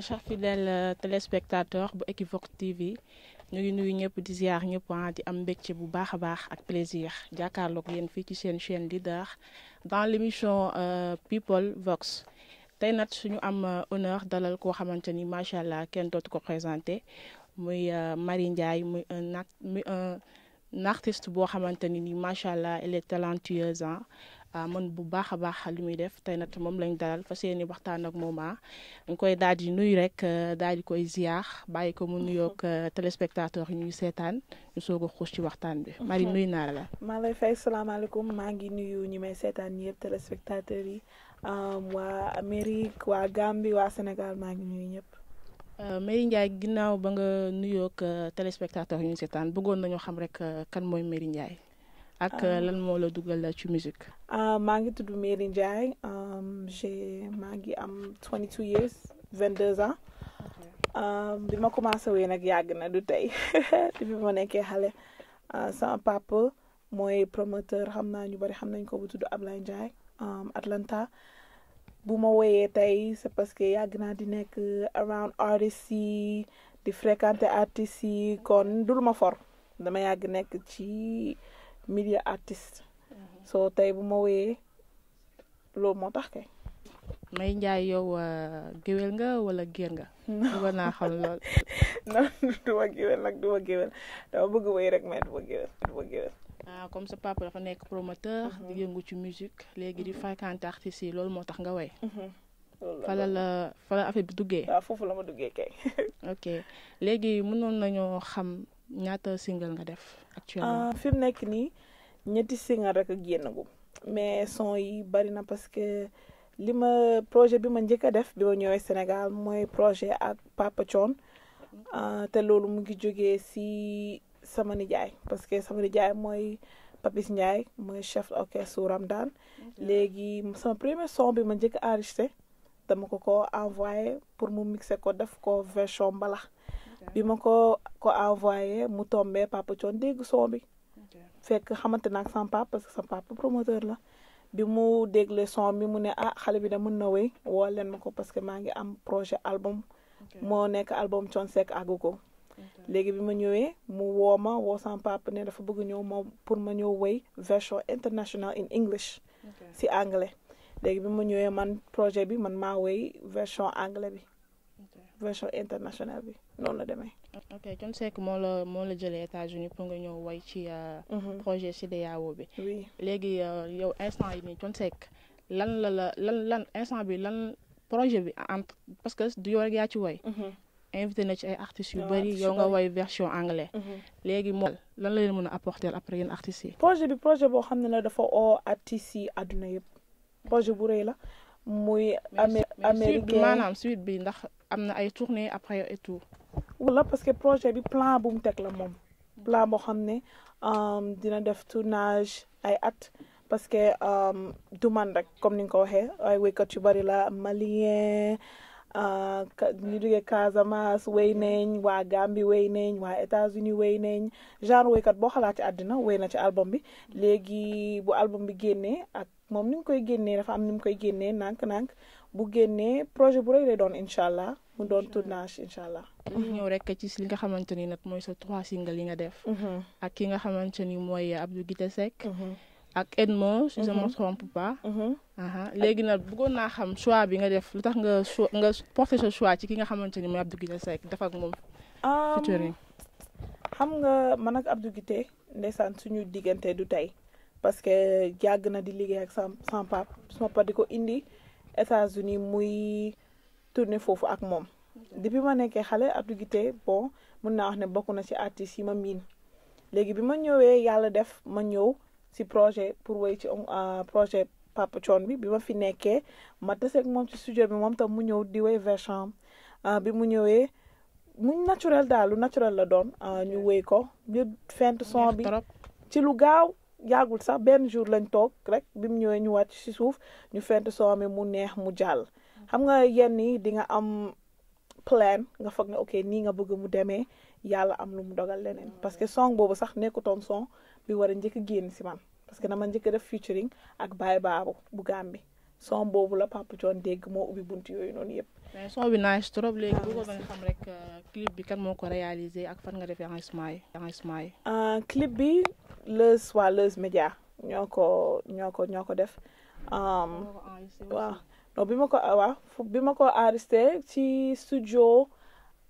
chers fidèles euh, téléspectateurs bu Equivox TV ñu ngi nuyu ñëpp di ziar ñëpp ah, di am mbégte bu baax a baax ak plaisir jàkkaarloog yéen fii ci seen chaîne leader dans lémission émission euh, People Vox tey nag suñu am euh, honneur dalal koo xamante ni macha allah kenn dootu ko présenté muy Marie Ndiaye muy un muy un artiste boo xamante ni macha allah elle est talentueuse ah. Ah, man bu baax a baax li muy def tey nag moom lañ dalal fa yéene waxtaan ak moom dañ ah. koy daal di nuyu rek ah, daal di koy ziar bàyyi ko mu mhm. nuyoog téléspectateur yi ñu seetaan ñu soog xuus ci waxtaan bi. Marie mhm. nuyu naa la. maa lay fay salaamaaleykum maa ngi nuyu ñi may seetaan ñëpp téléspectateur yi waa Amérique waa Gambie waa Sénégal maa ngi nuyu ñëpp. Marie Ndiaye ginnaaw ba nga nuyoog téléspectateur yi ñuy seetaan bëggoon nañoo xam rek kan mooy mari Ndiaye. ak ah. lan moo la dugal ci musique ah, maa ngi tudd Mary Ndiaye um, j'ai maa ngi am 22 years deux ans um, bi ma commencé wee nag yàgg na du tey depuis ma nekkee xale ah, sama papa mooy promoteur xam naa ñu bari xam nañ ko bu tudd Ablaye Ndiaye um, Atlanta bu ma woyee tey c'est parce que yàgg naa di nekk around artistes yi di fréquenter artistes yi kon du lu ma for dama yàgg nekk ci milieu artiste. Mhm. soo tey bu ma wéyee loolu moo tax kay. May Njaay yow uh, géwél nga walla géer nga. bëggoon naa xam lool. non du ma géwél nag du ma géwél dama bëgg wéy rek mais du ma géwél du ma géwél. ah comme sa papa dafa nekk promoteur. Mhm. di yëngu ci musique léegi di mhm. fréquenter artistes yi loolu moo tax nga woy fala la fala affaire bi duggee. waaw ah, foofu la ma duggee kay. ok léegi mënoon nañoo xam ñaata single nga def actuellement. Ah, fi mu nekk nii ñetti single rek ak génnagum mais son yi bari na parce que li ma projet bi ma njëkk a def bi ma ñëwee Sénégal mooy projet ak Papa Thion ah, te loolu mu ngi jógee si sama nijaay parce que sama nijaay mooy Papis Ndiaye mooy chef orchestre Ramdan léegi sama premier son bi ma njëkk a enregistré dama ko ko envoyé pour mu mixé ko def ko version mbalax bi ma ko ko envoyé mu tombé papa coon dégg son bi fekk xamante na ak sama parce que sama papa promoteur la bi mu dégle son bi mu ne ah xale bi da mën na wéy woo leen ma ko parce que maa ngi am projet album moo nekk album Thione Seck àggu ko léegi bi ma ñëwee mu woo ma woo sama papa ne dafa bëgg ñëw moom pour ma ñëw wéy version international in English si anglais léegi bi ma ñëwee man projet bi man maa wéy version anglais bi version internationale bi noonu la demee. ok Thione moo la moo la jëlee États-Unis pour nga ñëw woy ci euh, mhm. projet CEDEAO bi. léegi euh, yow instant yi nii Thione lan la la instant bi lan projet bi entre parce que du yow rek yaa ci mhm. na ci ay yu ah, bëri yow nga woy version anglais. Mhm. léegi moom lan la leen mën a apporter après yéen artistes yi. projet bi projet boo xam ne la dafa oo artistes yi àdduna yëpp projet bu rëy la muy. américain maanaam suite bi ndax. am na ay tournée après et tout. wala parce que projet bi plan bu mu teg la moom plan boo xam ne euh, dina def tournage ay at parce que euh, du man rek comme ni nga ko waxee ay wéykat yu bari la malien euh, ñu jógee Casamance wéy nañ waa Gambie wéy nañ waa États-Unis wéy nañ genre wéykat boo xalaat ci àddina wéy na ci album bi léegi bu album bi génnee ak moom ni koy génnee dafa am ni mu koy génnee nànk-nànk bu génnee projet bu rëy lay doon incha allah mu doon tournage incha allah. ñu ñëw rek ci li nga xamante ni nag mooy sa trois singles yi nga def. Mm-hmm. ak ki nga xamante ni mooy Abdou Guité Seck. Mm-hmm. ak Edmo si je mm-hmm. me trompe pas. léegi nag bëggoon naa xam choix bi nga def lu tax nga su nga porté sa choix ci ki nga xamante ni mooy Abdou Guité Seck def ak moom. Um, featuring xam nga man ak Abdou Guité ndeysaan suñu diggante du tey parce que yàgg na di liggéey ak sama pap sama pap di ko indi. États-Unis muy tourné foofu ak moom. depuis ma nekkee xale Abdou Guité mun naa wax ne bokk na ci artistes yi ma miin léegi bi ma ñëwee yàlla def ma ñëw ci projet pour woy ci euh, projet Papa Thione bi bi ma fi nekkee ma taseeg moom ci studio bi moom tam mu ñëw di woy version euh, bi mu ñëwee mu naturel daal lu naturel la doon euh, ñu woy ko ñu fent son bi ci lu gaaw. yàggul sax benn jour lañ toog rek bi mu ñëwee ñu wàcc si suuf ñu fent soo amee mu neex mu jàll. xam nga yenn yi di nga am plan nga foog ne ok nii nga bëgg mu demee yàlla am lu mu dogal leneen parce que song boobu sax nekku nekkutoon son bi war a njëkk a génn si man parce que dama njëkk a def featuring ak Baye Babou bu Gambie son boobu la Papa John dégg moo ubbi bunt yooyu noonu yëpp. mais son bi nice trop léegi ah, bu ko xam rek euh, bi kan moo ko réalisé ak fan nga defee enregistrement yi. Euh, clip bi. Leuz waa Leuz Média ñoo ko ñoo ko ñoo ko def um, bi ma ko waaw bi ma ko enregistré ci studio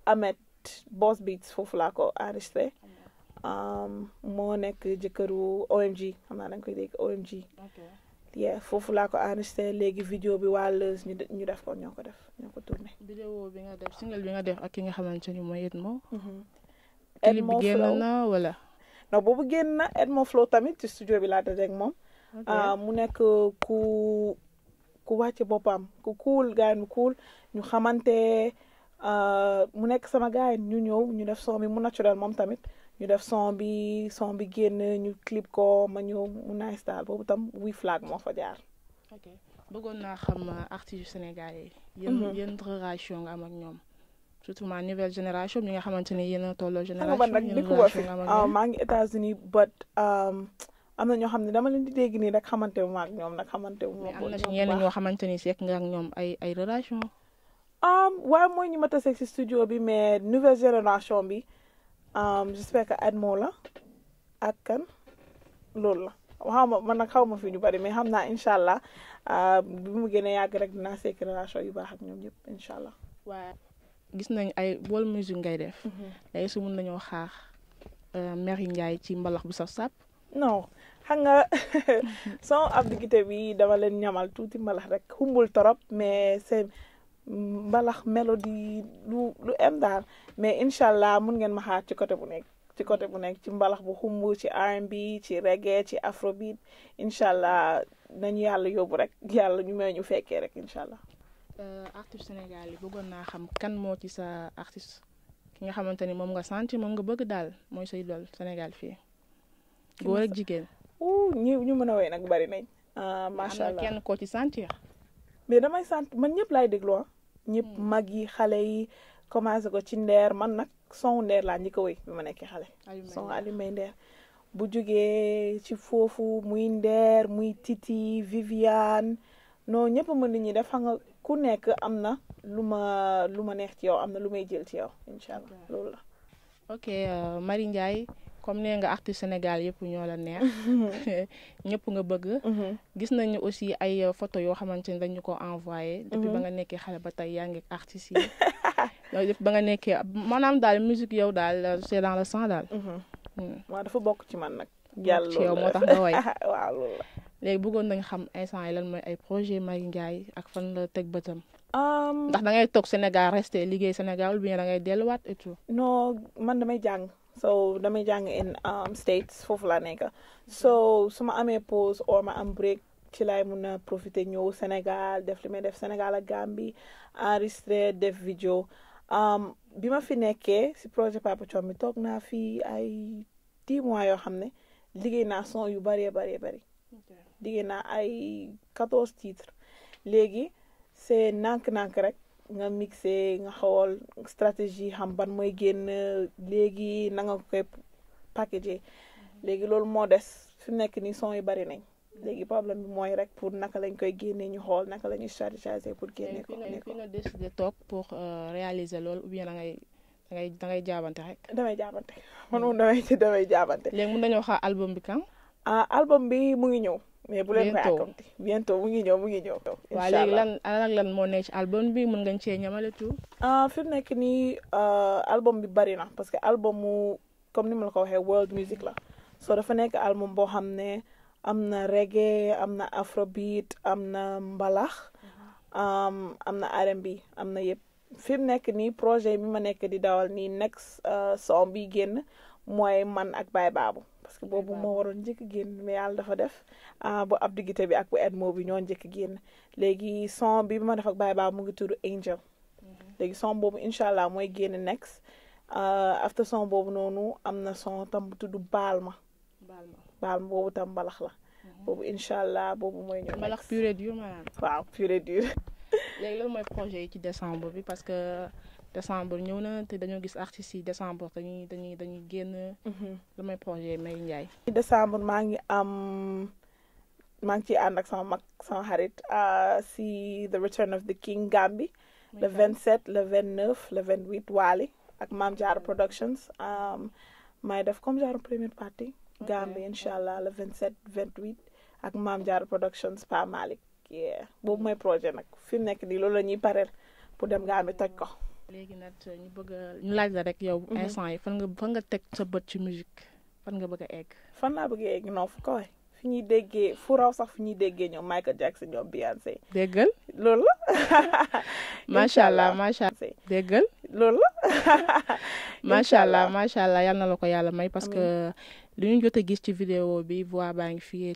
Amet Boss Beats foofu laa ko enregistré um, moo nekk jëkkëru OMG xam naa da nga koy dégg OMG yeah foofu laa ko enregistré léegi vidéo bi waa Leuz ñu def ko ñoo ko def ñoo ko tourné. vidéo bi nga def single bi nga def ak ki nga xamante ni mooy Edmo. Edmo mm-hmm. Flow clip bi wala. ndax boobu génn na Edmo Flow tamit ci studio bi laa daje ak moom. Ah, mu nekk ku ku wàcce boppam ku kuul gars kuul ñu xamante ah, mu nekk sama gars ñu ñëw ñu def son bi mu naturel moom tamit ñu def son bi son bi génn ñu clip ko ma ñëw mu nice boobu tam wi flag moo fa jaar. ok bëggoon naa xam euh, artistes yu Sénégal yi. yéen mhm. yéen relation nga am ak ñoom. surtout ma nouvelle génération bi nga xamante ni yéen a tolloo ah, génération ah, maa ngi États-Unis but um, am na ñoo xam ne dama leen di dégg nii rek xamante wu ak ñoom nag xamante wu ma. am na xamante ni seek nga ak ñoom ay ay relation. Um, waaye mooy ñu ma tase si studio bi mais nouvelle génération bi um, j'espère que Admo la ak kan loolu la. waaw man nag xaw ma fi ñu bari mais xam naa incha allah uh, bi mu gën a yàgg rek dinaa seek relation yu baax ak ñoom ñëpp incha allah. gis nañ ay bool musique ngay def. Mhm. léegi su mun nañoo xaar euh, Mary Ndiaye ci mbalax bu saf sàpp. non xam nga son Abdou Guité bi dama leen ñamal tuuti mbalax rek xumbul trop mais c'est mbalax mélodie lu lu em daal mais incha allah mun ngeen ma xaar ci côté bu nekk. ci côté bu nekk ci mbalax bu xumbul ci R&B ci reggae ci afrobeat incha allah nañu yàlla yóbbu rek yàlla ñu may ñu fekkee rek incha allah. Euh, artiste Sénégal yi bëggoon naa xam kan moo ci sa artiste ki nga xamante ni moom nga sant moom nga bëgg daal mooy say idole Sénégal fii góor ak jigéen. wuu ñu ñu mën a woy nag bari ma macha allah am na kenn mais damay sant man ñëpp lay déglu ah. ñëpp hmm. mag yi xale yi commencé ko ci ndeer man nag son ndeer laa ñi ko woy bi ma nekkee xale. son Alioune ndeer bu jógee ci foofu muy ndeer muy Titi Viviane. non ñëpp mën nañu def xam nga ku nekk am na lu ma lu ma neex ci yow am na lu may jël ci yow incha allah loolu la. ok euh, Marie Ndiaye comme nee nga artiste Sénégal yëpp ñoo la neex. ñëpp nga bëgg. Mhm. gis nañu aussi ay euh, photo yoo xamante ni dañu ko envoyé. depuis mhm. ba nga nekkee xale ba tey yaa ngi artiste yi. depuis ba nga nekkee maanaam daal musique yow daal euh, c'est dans le sang daal. Mhm. Hmm. waaw dafa bokk ci man nag. yàlla loolu moo tax nga woy waaw loolu la. léegi bëggoon nañ xam instant yi lan mooy ay projet Marie Ndiaye ak fan la teg bëtam. ndax da ngay toog Sénégal resté liggéey Sénégal ou bien da ngay delluwaat et tout. non man damay jàng so damay jàng in um, States foofu laa nekk so su ma amee pause ma am break ci lay mun a profiter ñëw Sénégal def li may def Sénégal ak en enregistré def vidéo um, bi ma fi nekkee si projet Papa Thion bi toog naa fi ay dix mois yoo xam ne liggéey naa son yu bëree bëree bëri. digée naa ay 14 titres léegi c'est nànk nank rek nga mixé nga xawal stratégie xam ban mooy génn léegi na nga koy packagé mhm. léegi loolu moo des fi nekk ni son yi bari nañ léegi problème bi mooy rek pour naka lañ koy génnee ñu xool naka la ñuy chargé pour génne ko ne ko fi nga décidé toog pour euh, réaliser loolu ou bien da ngay da ngay da ngay jaabante rek. damay jaabante man moom damay damay jaabante. léegi mun nañoo xaar album bi kan. ah album bi mu ngi ñëw. mais bu leen ko yàkkamti bientôt mu ngi ñëw mu ngi ñëw. incha allah waaw léegi lan lan lan moo nekk ci album bi mun nga cee ñamale tout. Ah, fi mu nekk nii euh, album bi bari na parce que album mu comme ni ma la ko waxee world music la so dafa nekk album boo xam ne am na reggae am na afrobeat am na mbalax am na R&B am na yëpp. fi mu nekk nii projet bi ma nekk di dawal nii next euh, son bi génn mooy man ak baay Babou parce que boobu moo waroon njëkk génn mais yàlla dafa def ah, bu Abdou Guité bi ak bu Edmo bi ñoo njëkk génn léegi son bi ma def ak baay Babou mu ngi tudd Angel mhm. léegi son boobu incha allah mooy génn next ah, after son boobu noonu am na son tam bu tudd baal ma boobu tam mbalax la mhm. boobu incha allah boobu mooy ñëw mbalax pure dure maanaam waaw pure dure léegi loolu mooy projet yi ci décembre bi parce que décembre ñëw na te dañoo gis artistes yi décembre dañuy dañuy dañuy génn. lu mhm. may projet May Ndiaye. décembre maa ngi am maa ngi ciy ànd ak sama mag sama xarit ah, si The Return of the King Gambi. le 27 le 29 le 28 Waly ak Mame Diarra mm. Productions um, may def comme genre première partie. Gambi incha allah le vingt 28 ak Mame Diarra Productions Pa Malick. boobu mooy projet nag fi mu nekk nii loolu la ñuy pareel pour dem Gambi toj ko. léegi nag ñu bëgg ñu laaj la rek yow. Mhm. instant yi fan nga fan nga teg sa bët ci musique fan nga bëgg a egg. fan laa bëgg a egg non fu kawe fu ñuy déggee fu raw sax fu ñuy déggee ñoom Michael Jackson ñoom Beyoncé. déggal loolu la. macha allah macha allah déggal loolu la. macha allah macha allah yal na la ko yàlla may. parce que li ñu jot gis ci vidéo bi voix baa ngi fi et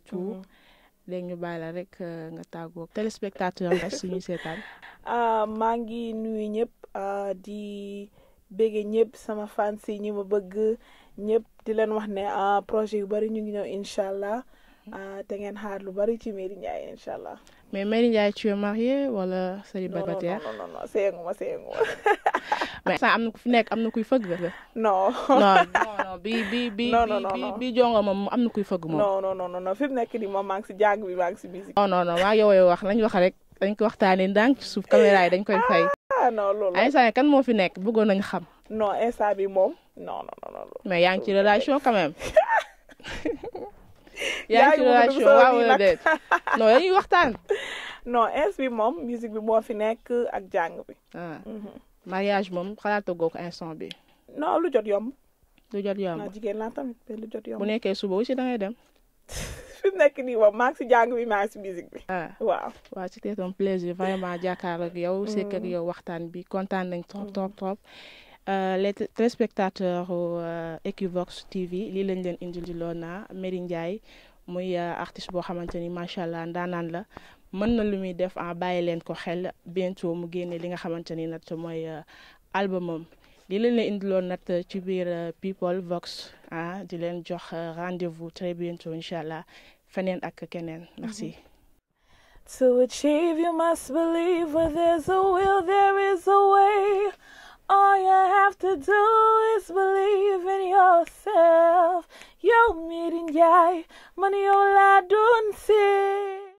léegi ñu bàyyi la rek euh, nga tàggoo téléspectateur am si suñu seetaan. Ah, maa ngi nuyu ñëpp ah, di bëgge ñëpp sama fans yi ñi ma bëgg ñëpp di leen wax ne ah, projet yu bari ñu ngi ñëw incha allah mhm. te ngeen xaar lu bari ci Mary Ndiaye incha allah. mais Mary Ndiaye tu es mariée wala célibataire non non non non séyenguma séyenguma mais sax am na ku fi nekk am na kuy fëgg la. non non non bi bi bi bi jongo moom am na kuy fëgg moom. non non non fi mu nekk nii moom maa ngi si jàng bi maa si musique. non non wax lañ wax rek dañ ko waxtaanee ndànk ci suuf caméra yi dañ koy ah, ah, kan moo fi nekk bëggoon nañ xam. non instant bi moom non yaa ngi ci relation quand même. yaa ngi waxtaan. non ins bi moom musique bi moo fi nekk ak jàng bi. Ah. Mhm. mariage moom xalaatagoo ko instant bi non lu jot yomb. lu jot jigéen laa tamit jot yomb. bu nekkee suba aussi da ngay dem. fi nekk nii moom maa ngi si jàng bi maa si musique bi. Ah. waaw waaw c'était un plaisir vraiment jàkkaarloo yow. sekk mm. yow waxtaan bi kontaan nañ trop mm. trop trop. Euh, les téléspectateurs euh, Equivox TV lii lañ leen indil loona Merry Ndiaye muy euh, artiste boo xamante ni macha allah ndaanaan la. mën na lu muy def en ah, bàyyi leen ko xel bientôt mu génne li nga xamante ni nag mooy euh, albumam li leen la indiloon nag ci biir euh, People Vox a ah, di leen jox euh, rendez-vous très bientôt incha allah feneen ak keneen merci. Mm-hmm. To achieve you must believe where there's a will there is a way. All you have to do is believe in yourself. yow mi di njaay man yow laa doon